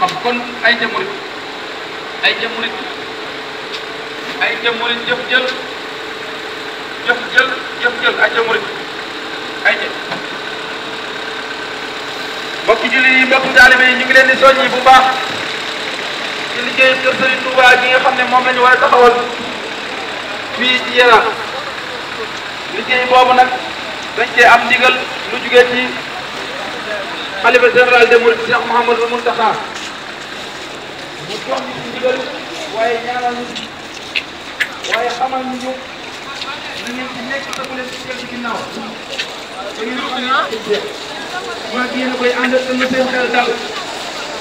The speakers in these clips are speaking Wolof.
xam kon ay jëmurit ay jëmurit ay jëmurit jëf jël jëf jël jëf jël ay yi mbokki taalibe yi ñu ngi leen di soññi bu baax ci liggéey kër Sëriñ Tuubaa gi nga xam ne moom la ñu war a taxawal fii ci Yara liggéey boobu nag dañ cee am ndigal lu jugee ci xalifa général des mourides Cheikh Mouhamadou Mountakha mu jox ñu ci ndigal waaye ñaanal ñu waaye xamal ñu ñu na ngeen leen ci jël ci ginnaaw da ngeen xam ne mu ak yéen koy àndal te na xel dal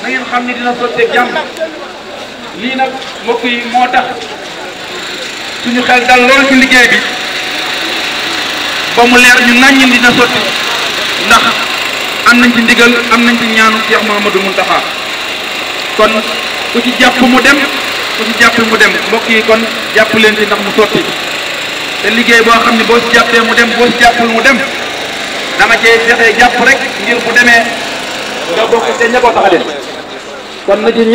na ngeen xam dina sottee jàmm mbokk yi suñu xel dal ci bi ba mu leer ñu dina ndax am nañ ci ndigal am nañ ci ñaanu Cheikh kon ku ci jàpp mu dem ku ci jàpp mu dem mbokk yi kon jàpp leen ci ndax mu sotti te liggéey boo xam ne boo ci jàppee mu dem boo ci jàppul mu dem dama cee fexe jàpp rek ngir bu demee nga bokk te ñeboo a dem kon na ci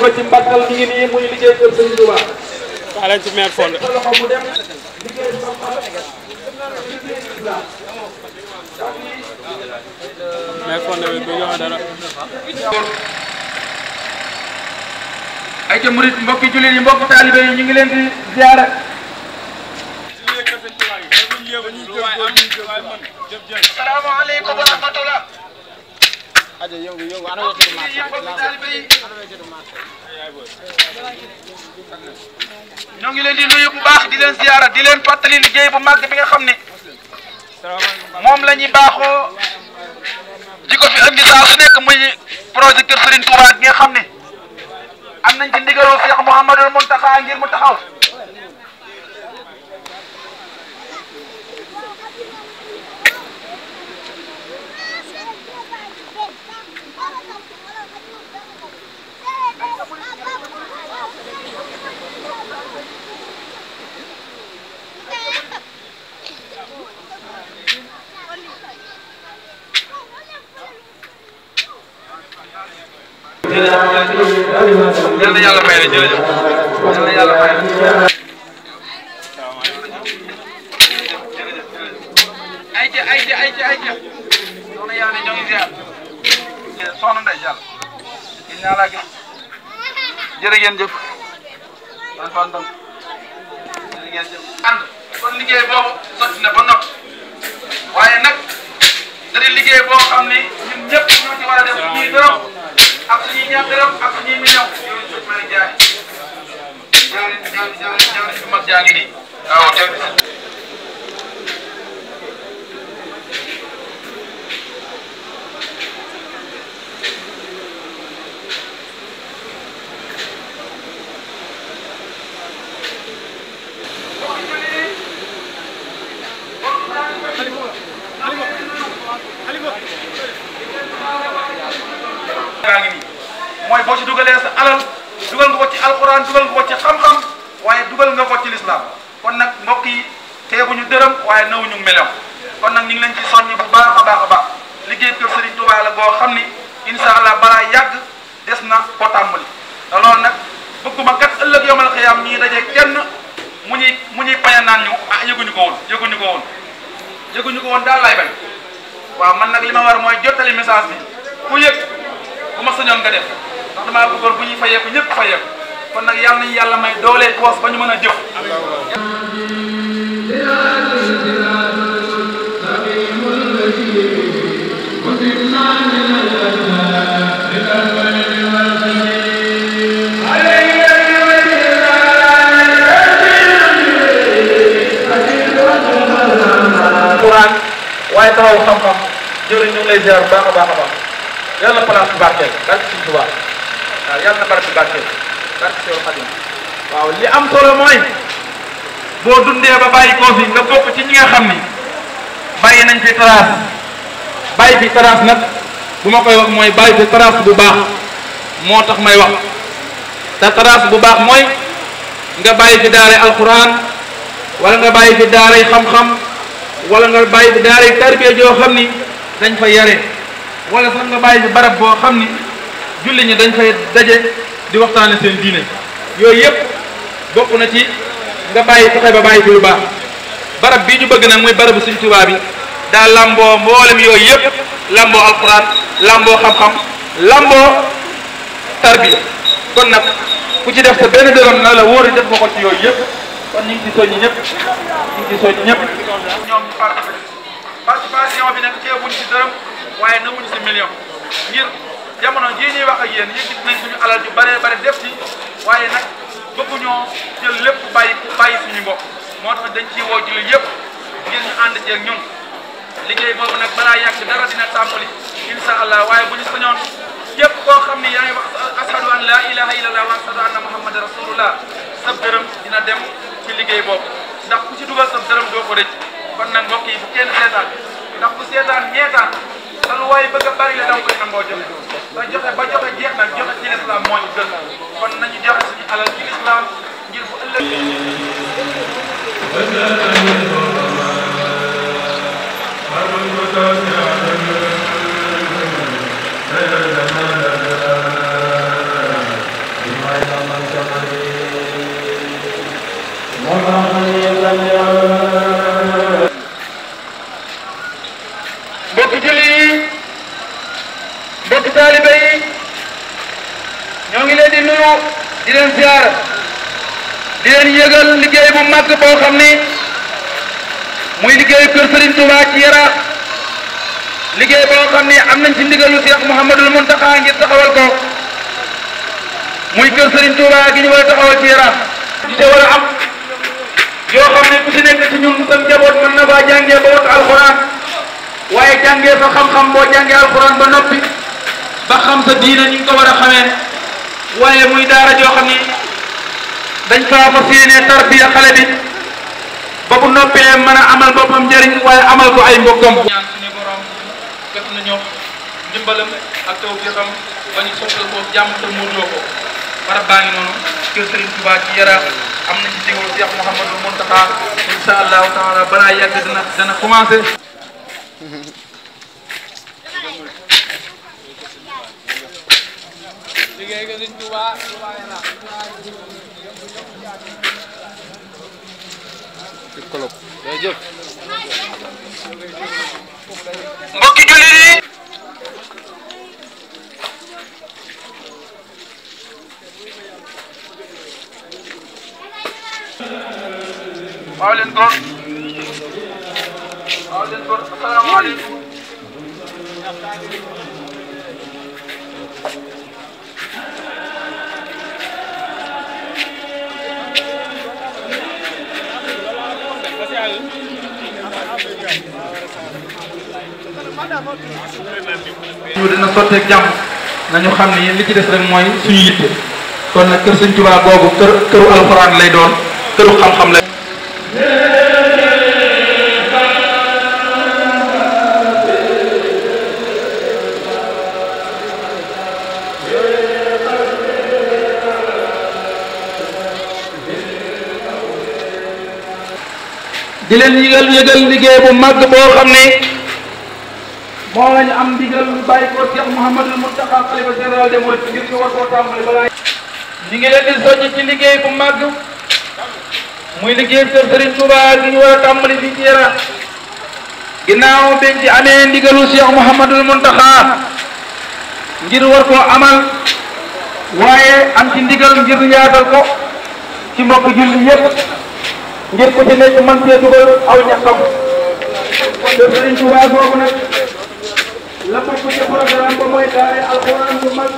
ko ci mbàkkal mi ngi nii muy liggéey kër Sëriñ Tuubaa waa leen ci maire fond loxo mu dem ay ca murit mbokki jullit yi mbokki taalibe ñu ngi leen di ziara asalaamaaleykum wa rahmatullah aja yow yow ana wo ci marché ñoo ngi leen di nuyu bu baax di leen ziara di leen fàttali liggéey bu màgg bi nga xam ne moom la ñuy baaxoo di ko fi indi saa su nekk muy projet Kër Serigne Touba bi nga xam ne am nañ ci ndigalul Cheikh mohammed al muntaha ngir mu taxaw Terima Gracias. yal na yàlla may la jërëjëf yal na yàlla may la. ayca ayca ayca ayca soxna yaa ne ñoo ngi ziar soxna Ndeye Diallo gis naa laa gis jërë ngeen jëf man fan tam jërë ngeen jëf ànd kon liggéey boobu sotti na ba noppi waaye nag da di liggéey boo xam ni ñun ñëpp ñoo ci war a def ñuy dërëm ak suñuy ñaar dërëm ak suñuy million Ismaïla Diagne jawriñ jawriñ jawriñ jawriñ bu mag jaa ngi nii waaw jawriñ mooy boo ci dugalee sa alal alxuraan dugal nga ko ci xam-xam waaye dugal nga ko ci lislaam kon nag mbokk yi teebuñu dërëm waaye nawuñu melew kon nag ñu ngi leen ci soññi bu baax a baax a baax liggéey kër Serigne Touba la boo xam ni incha allah balaa yàgg des na ko tàmbali te loolu nag bëgguma kat ëllëg yomal xiyaam ñuy daje kenn mu ñuy mu ñuy paña naan ñu ah yëguñu ko woon yëguñu ko woon yëguñu ko woon daal laay bañ waaw man nag li ma war mooy jottali message bi ku yëg bu ma sañoon nga def bu ñuy fayeeku ñëpp kon nag yàlla nañu yàlla may doole poos ba ñu jëf waaye taxaw xam-xam jëriñ ñu lay ziar baax yàlla place bi barkeel yàlla na barke barkeel barke waaw li am solo mooy boo dundee ba bàyyi koo fi nga bokk ci ñi nga xam ni bàyyi nañ fi trace bàyyi fi trace nag bu ma koy wax mooy bàyyi fi trace bu baax moo tax may wax te trace bu baax mooy nga bàyyi fi daaray alquran wala nga bàyyi fi daaray xam-xam wala nga bàyyi fi daaray tarbiya joo xam ni dañ fa yare wala sax nga bàyyi fi barab boo xam ni julli ñi dañ fay daje di waxtaan seen diine yooyu yëpp bokk na ci nga bàyyi fexe ba bàyyi fi lu baax barab bii ñu bëgg nag mooy barabu Sëriñ Tuubaa bi daa lamboo mboolem yooyu yëpp lamboo alquran lamboo xam-xam lamboo tarbiya kon nag ku ci def sa benn dërëm na la wóor def nga ko yooyu yëpp kon ñu ngi ci soññi ñëpp jamono ji ñuy wax a yéen yëkkati nañ ñu alal ju bare bare def ci waaye nag bëgguñoo jël lépp bàyyi bàyyi suñu bopp moo tax dañ ciy woo jullit yëpp ngir ñu ànd ceeg ñun liggéey boobu nag balaa yàgg dara dina tàmbali insha allah waaye bu ñu sañoon képp koo xam ni yaa ngi wax ashadu an la ilaha illallah wa ashadu anna muhammadan rasulullah sa dërëm dina dem ci liggéey boobu ndax ku ci dugal sa dërëm doo ko rëcc kon nag mbokk yi bu kenn seetaan ndax bu seetaan ñeetaan man waaye bëgg a bari la dama koy nangoo joxe ba joxe ba joxe jeex nag joxe ci lislaam moo ñu gën kon nañu joxe suñu alal ci lislaam ngir bu ëllëg di leen ziar di leen yëgal liggéey bu mag boo xam ni muy liggéey kër Serigne Touba ci Yaraax liggéey boo xam ni am nañ ci ndigalu Cheikh Mouhamadul Mountakha ngir taxawal ko muy kër Serigne Touba gi ñu taxawal ci di war am yoo xam ne ku si nekk ci ñun sam njaboot mën na faa jàngee ba wat alxuraan waaye jàngee fa xam-xam boo jàngee alxuraan ba noppi ba xam sa diina ñu ko waaye muy daara joo xam ni dañ faa fas yéene tarbiya xale bi ba bu noppee mën a amal boppam njëriñ waaye amal ko ay mbokkam. ñaan suñu borom def nañu dimbalam ak taw bi xam ba ñu sottal ko jàmm te muurloo ko barab baa ngi noonu kër Serigne Touba ci Yaraax am na ci digal Cheikh Mouhamadou Mountakha incha allahu taala balaa yàgg dana léegi sëñ Touba Touba Yarax mbokki jullit yi waaw leen góor waaw leen góor asalaamaaleykum ñu dina sotteeg jàmm nañu xam ne yéen li ci def rek mooy suñu yitte kon nag kër Sëñ Tuubaa boobu kër këru alxuraan lay doon këru xam-xam lay di leen yëgal yëgal liggéey bu màgg boo xam ne moo am ndigal lu bàyyi ko Cheikh Mouhamadul Mountakha xalifa général des mourides ngir ñu war koo tàmbali balaa ñu ngi leen di soññ ci liggéey bu màgg muy liggéey kër Serigne Touba ñu war a tàmbali fii ci ginnaaw biñ ci amee ndigalu Cheikh ngir war koo amal waaye am ci ndigal ngir yaatal ko ci mbokk julli yépp ngir ku ci nekk mën cee dugal aw Serigne Touba boobu nag la bokk ci programme ba mooy daare alxuraan bu mag.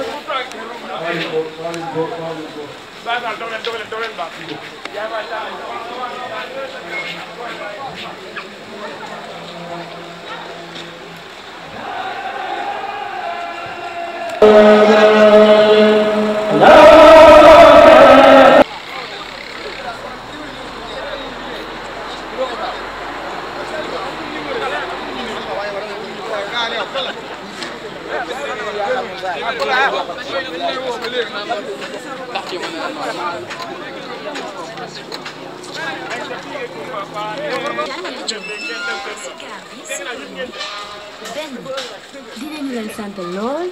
Thank eh, you. Belgium. Benn, dinañu leen sant lool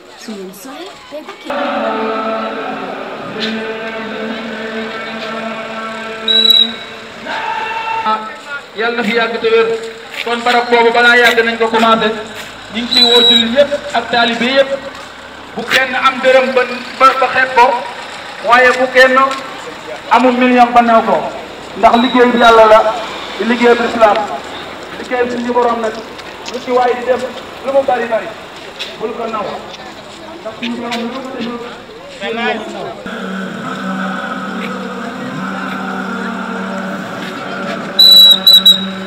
fi yàgg te wér kon barab boobu balaa yàgg nañ ko commencé ñu ngi ciy woo jullit ak taalibe bu kenn am dërëm ba ba ko bu kenn million ba ko ndax liggéey bi la di liggéeyal lislaam liggéeyal suñu borom nag lu ci waay di def lu mu bari bari bul ko naw ndax suñu borom lu mu def Thank you.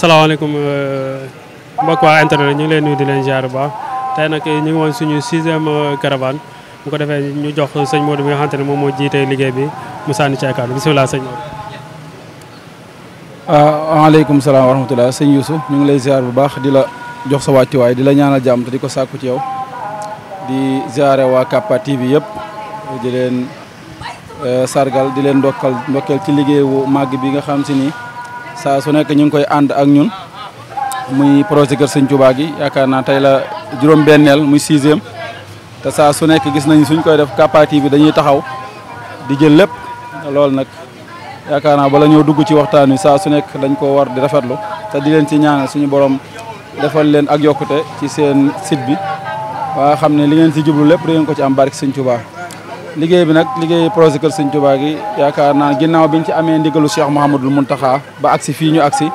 salaamaaleykum euh, mbokk waa internet ñu ngi leen nuyu di leen ziar bu baax tey nag ñu suñu sixième euh, caravane bu ko defee ñu jox sëñ Modou bi moom moo jiite liggéey bi mu sànni ci ay kàddu bisimilah sëñ ah, salaam wa rahmatulah sëñ Youssou ñu ngi lay ziar bu baax di la jox sa wàccuwaay di la ñaanal jàmm te di ko sàkku ci yow di ziare waa Kappa bi yëpp di leen euh, sargal di leen ndokkal ndokkeel ci liggéey liggéeyu màgg bi nga xam si ni. saa su nekk ñu ngi koy ànd ak ñun muy projet Kër Sëñ Touba gi yaakaar naa tey la juróom-benneel muy sixième te saa su nekk gis nañ suñ koy def capacité bi dañuy taxaw di jël lépp loolu nag yaakaar naa bala ñoo dugg ci waxtaan wi saa su nekk dañ koo war di rafetlu te di leen ci ñaanal suñu borom defal leen ak yokkute ci seen site bi waa xam ne li ngeen si jublu lépp da ngeen ko ci am barke Sëñ Touba. liggéey bi nak liggéey projet keur seigne Touba gi yaakaar naa ginnaaw biñ ci amé ndigalu Cheikh Mouhamadul Mountakha ba aksi fi ñu aksi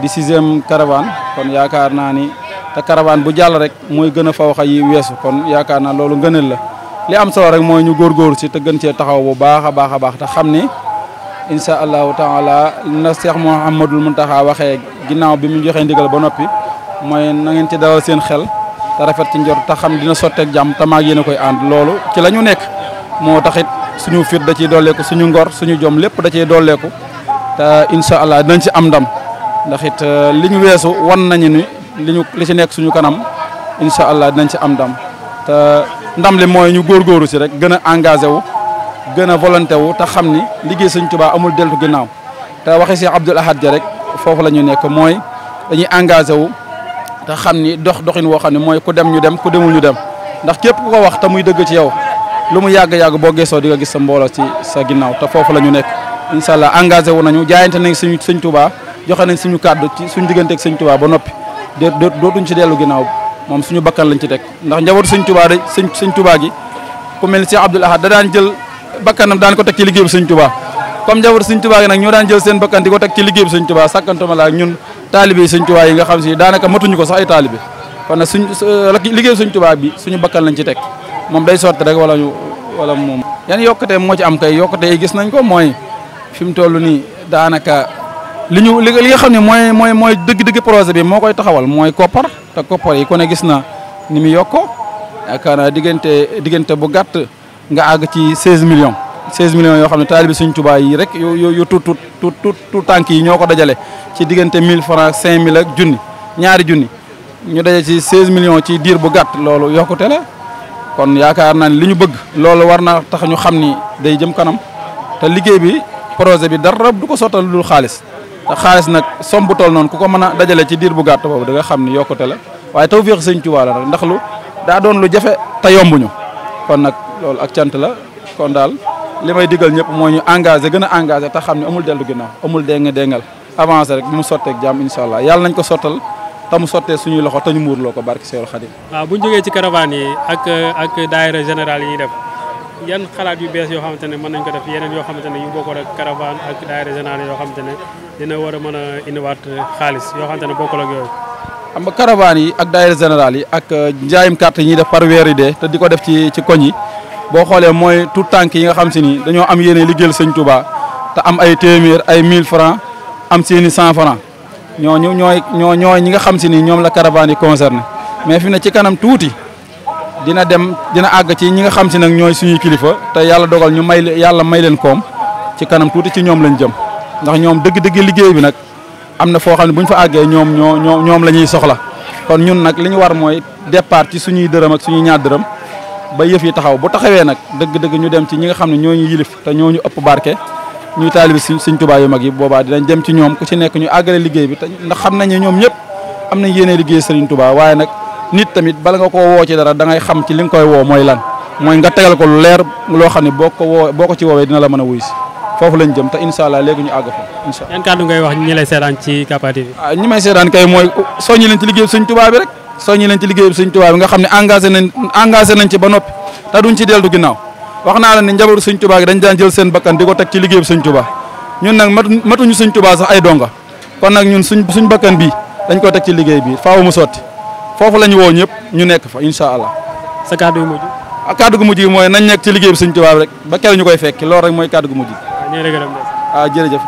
di 6e caravane kon yaakaar ni ta caravane bu jall rek moy gëna fa fawaxa yi wessu kon yaakaar naa loolu la li am solo rek moy ñu gor si te gën ci taxaw bu baaxa baaxa baax ta xamni insha allah ni taala na Cheikh Mouhamadul Mountakha waxe ginnaw bi mu joxe ndigal ba nopi moy na ngeen ci jam seen xel ta rafet ci ndior ta xam dina koy and lolu ci lañu nek moo taxit suñu fit da ciy dolleeku suñu ngor suñu jom lépp da ciy dolleeku te incha allah dinañ ci am ndam ndax it euh, li ñu weesu wan nañu ni li ñu li ci nekk suñu kanam incha allah dinañ ci am ndam te ndam li mooy ñu góorgóoru si rek gën a engagé wu gën a volonté wu te xam ni liggéey Sëñ Tuubaa amul deltu ginnaaw te waxi si Abdoul Ahad ja rek foofu la ñu nekk mooy dañuy engagé wu te xam ni dox doxin woo xam ne mooy ku dem ñu dem ku demul ñu dem ndax képp ku wax te muy dëgg ci yow lu mu yàgg-yàgg boo geesoo di a gis sa mbooloo ci sa ginnaaw te foofu la ñu nekk incha allah engagé wu nañu jaayante nañ suñu sëñ Touba joxe nañ suñu kàddu ci suñu diggante sëñ Touba ba noppi de dootuñ ci dellu ginnaaw moom suñu bakkan lañ ci teg ndax njabootu sëñ Touba de sëñ sëñ Touba gi ku mel ni Cheikh Abdoul Ahad da daan jël bakkanam daan ko teg ci liggéey bu sëñ Touba comme njabootu sëñ ñoo daan jël seen bakkan di ko ci liggéey bu sëñ Touba sàkkantuma la ñun taalibe yi sëñ Touba yi nga xam si daanaka matuñ ko sax ay taalibe kon nag suñ liggéey bu sëñ Touba bi suñu bakkan lañ ci teg moom day sotti rek wala ñu wala moom. yan yokkute moo ci am kay yokkute yi gis nañ ko mooy fi mu toll nii daanaka li ñu li nga xam ne mooy mooy mooy dëgg-dëgg projet bi moo koy taxawal mooy koppar te koppar yi ku ne gis na ni mu yokko yaakaar naa diggante diggante bu gàtt nga àgg ci 16 million 16 millions yoo xam ne taalibi Sëriñ Tuubaa yi rek yu yu tut tut tuut tuut tànk yi ñoo ko dajale ci diggante 1000 francs 5000 ak junni ñaari junni ñu daje ci 16 millions ci diir bu gàtt loolu yokkute la. kon yaakaar naa ne li ñu bëgg loolu war na tax ñu xam ni day jëm kanam te liggéey bi projet bi dara du ko sottal dul xaalis te xaalis nag somme bu toll noonu ku ko mën a dajale ci diir bu gàtt boobu da nga xam ni yokkute la waaye tawfeex sëñ Tuubaa la ndax lu daa doon lu jafe te yombuñu kon nag loolu ak cant la kon daal li may digal ñëpp mooy ñu engager gën a engagé tax xam ni amul dellu naa amul déng déngal avancé rek bu mu sotteek jàmm incha allah yàlla nañ ko sottal te mu sottee suñuy loxo te ñu muurloo ko barki Seydou Khadim. waaw bu jógee ci caravane yi ak ak général yi ñuy def yan xalaat yu bees yoo xamante ne mën nañ ko def yeneen yoo xamante ne yu bokkul ak caravane ak daayira général yoo ne dina war a mën a indiwaat xaalis yoo xamante ne bokkul ak yooyu. xam caravane yi ak daayira général yi ak euh, njaayum carte yi def par weer de te di ko def ci ci koñ yi boo xoolee mooy tout tànk yi nga xam si ni dañoo am yeneen liggéeyal sëñ Touba te am ay téeméer ay 1000 francs am seeni cent francs ñoo ñu ñooy ñoo ñooy ñi nga xam si ni ñoom la caravane yi concerné mais fi ne ci kanam tuuti dina dem dina àgg ci ñi nga xam si nag ñooy suñuy kilifa te yàlla dogal ñu may yàlla may leen koom ci kanam tuuti ci ñoom lañ jëm ndax ñoom dëgg-dëgg liggéey bi nag am na foo xam ne bu ñu fa àggee ñoom ñoo ñoo ñoom la ñuy soxla kon ñun nag li ñu war mooy départ ci suñuy dërëm ak suñuy ñaar dërëm ba yëf yi taxaw bu taxawee nag dëgg-dëgg ñu dem ci ñi nga xam ne ñoo ñu te ñoo ñu ëpp barke ñuy taalibi suñ suñ Tuubaa yu mag yi boobaa dina dem ci ñoom ku ci nekk ñu àggale liggéey bi te ndax xam nañ ñoom ñëpp am nañ yéene liggéey Sëriñ Tuubaa waaye nag nit tamit bala nga woo ci dara da ngay xam ci li nga koy woo mooy lan mooy nga tegal ko lu leer loo xam ne boo ko woo boo ko ci woowee dina la mën a wuy si foofu lañ jëm te incha allah léegi ñu àgg fa incha allah. yan kàddu ngay wax ci Capa TV. ah ñi may seetaan kay mooy leen ci liggéey Sëriñ Tuubaa bi rek soññi leen ci liggéey Sëriñ Tuubaa bi nga xam ne engagé nañ engagé nañ ci ba nopp te duñ ci dellu ginnaaw wax naa la ni njabootu sëñ Tuubaa gi dañ daan jël seen bakkan di ko teg ci liggéey bi sëñ Tuubaa ñun nag matuñu sëñ Tuubaa sax ay donga kon nag ñun suñ suñ bakkan bi dañ ko teg ci liggéey bi faaw mu sot foofu la ñu woo ñëpp ñu nekk fa incha allah. sa kàddu gu mujj. ah kàddu gu mujj mooy nañ nekk ci liggéey bi sëñ Tuubaa rek ba keroog ñu koy fekk loolu rek mooy kàddu gu mujj. waaw ah, ah, jërëjëf.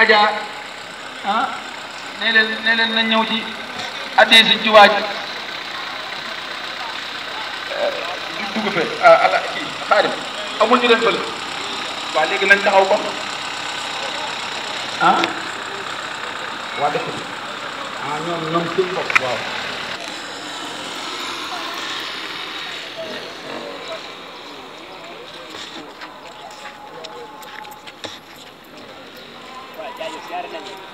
Adja ah nee leen nee leen nañ ñëw ci addee suñ ci waaj du dugg fe ah, ala kii xaarim amul ñu leen fël waa léegi nañ taxaw ko ah waa dëkk bi ah ñoom ñoom suñ Cara,